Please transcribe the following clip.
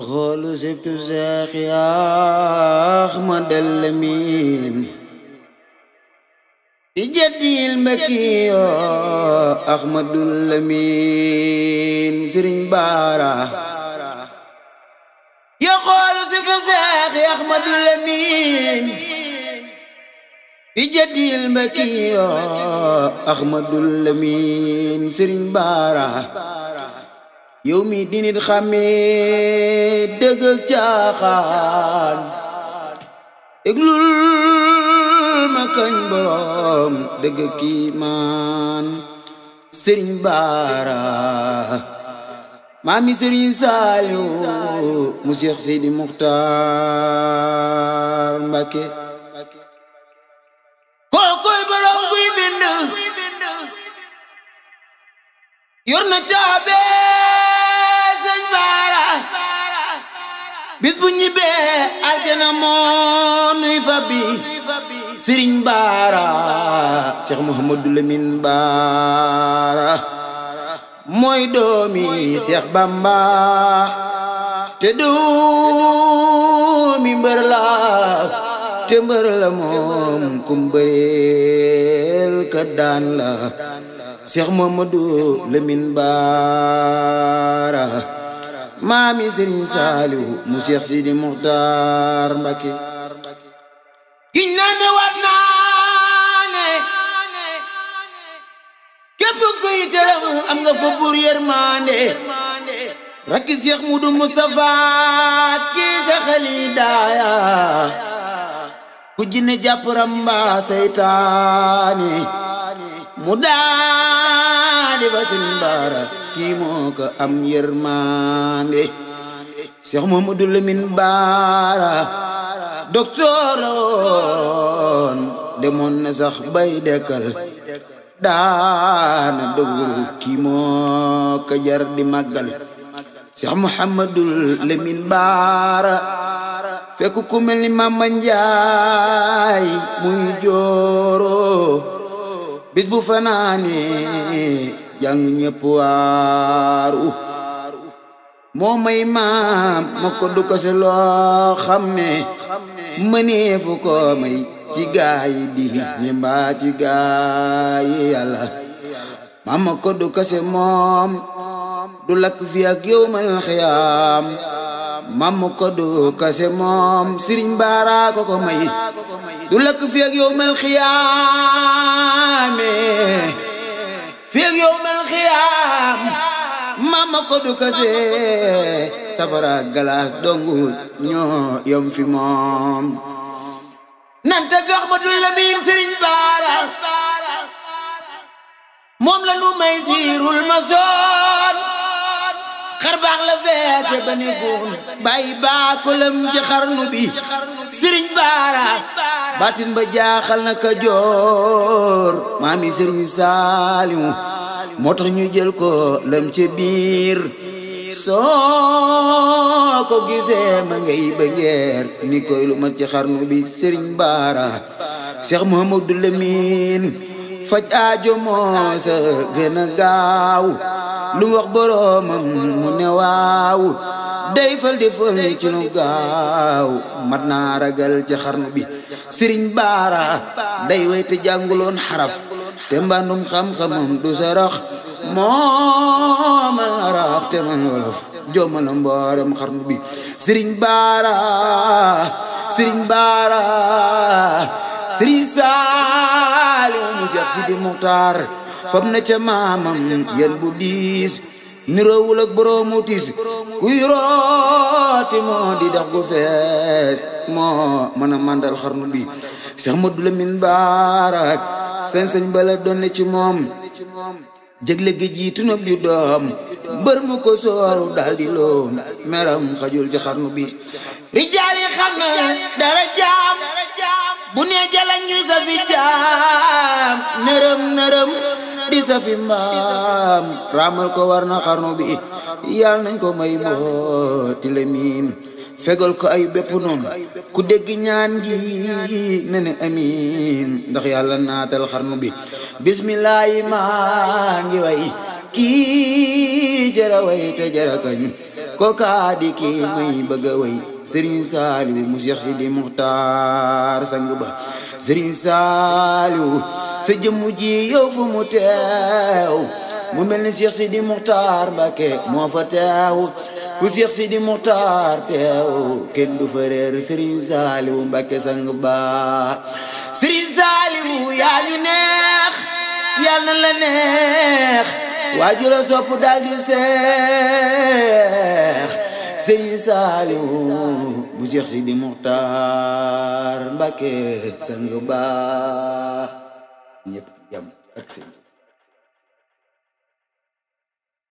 xoolu sibtu seex Ahmad al-Amin di jaddiil mbekki yoo Ahmadul Amin Sëriñ Baara ya xoolu sibtu seex Ahmadul Amin di jaddiil mbekki yoo Ahmadul Amin Sëriñ Baara yow mi di nit xamee dëgg ak caaxaan kañ borom dëgg kiimaan sëriñ baara maami sëriñ saalu mu seex seydi muxtaar mbàkke kookoy borom kuy bind yor bu ñibbee aljana moo nuy fa bi sëriñ baara cheikh mouhamadou lamin baara mooy doomi cheikh bamba te doomi mbër la te mbër la moom ka daan la cheikh mouhamadou lamin baara maami Serigne Saliou mu Cheikh Sidi Muxtaar Mbakke giñ naa ne waat naa ne am nga fa buur yërmande rakki Cheikh Mudu Mustafa kii sa xali ku jinne jàpp ramba seytaane mu daadi ba sin kii moo ko am yërmande Cheikh Mamadou Lamine Bara docteur la woon demoon na sax bay dekkal daana doglu kii moo ko jar di màggal Cheikh Mouhamadou Lamine Bara fekk ku mel ni Mama Njaay muy jooro bis bu fanaane jàng ñëpp waaru moo may maam ma ko du ko loo xam ne mëneefu ko may ci gaay di mbaa ci gaay yàlla ma ko du ko moom du lakk fi ak yow xiyaam maam ma ko du ko moom sëriñ baara ko ko may du lakk fi ak yow mal xiyaame fi ak mama ko du kase safara galaas dongu ñoo yom fi moom nanta gax ma dul la miin sëriñ baara moom la nu may siirul ma soon xar baax la feese ba ne góon bàyyi baa kolam ci xarnu bi sëriñ baara baatin ba jaaxal na ka joor maami sëriñ saalimu moo tax ñu jël ko lam ca biir soo ko gisee ma ngay bëngeer ni koy lu mat ci xarnu bi sëriñ baara cheikh mohamadou lamin faj aajo moo sa gën gaaw lu wax boroomam mu ne waaw day fal di fal ci lu gaaw mat naa ragal ci xarnu bi sëriñ baara day wayte jànguloon xaraf te mbandum xam-xamam du sarax moomal arab te man wolof jommal mboolem xarnu bi sëriñ baara sëriñ baara sëriñ saaliw mu seex sidi muxtaar fam na ca maamam yan bu diis niroowul ak boroomu tiis kuy rooti moo di dex gu fees moo mën a màndal xarnu bi seex ma du min baara seen sëñ bala doon ci moom jégle gi jiitu na bi doom mbër mu ko sooru daal di loon meram xajul ci xarnu bi rijaal yi dara jaam bu ne jalañ ñuy sa jaam nërëm nërëm di sa mbaam raamal ko war na xarnu bi yàlla nañ ko may moo tilemiin fegal ko ay bépp noonu ku dégg ñaan gi ne ne amin ndax yàlla naatal xarnu bi bismillaahi maa ngi way kii jara way te jara kañ kookaa di kii may bëgg way sëriñ saaliw mu seex si muxtaar sang ba sëriñ saaliw sa jëmmu ji yow fu mu teew mu mel ni seex si muxtaar ba ke moo fa teew ku Seex Sidi Muxtaar teew kenn du fa réer Serigne Saliou Mbacké sang ba Serigne Saliou yaa neex yal la neex waajur a sopp dal di seex Serigne Saliou bu Seex Sidi Muxtaar Mbacké sang ba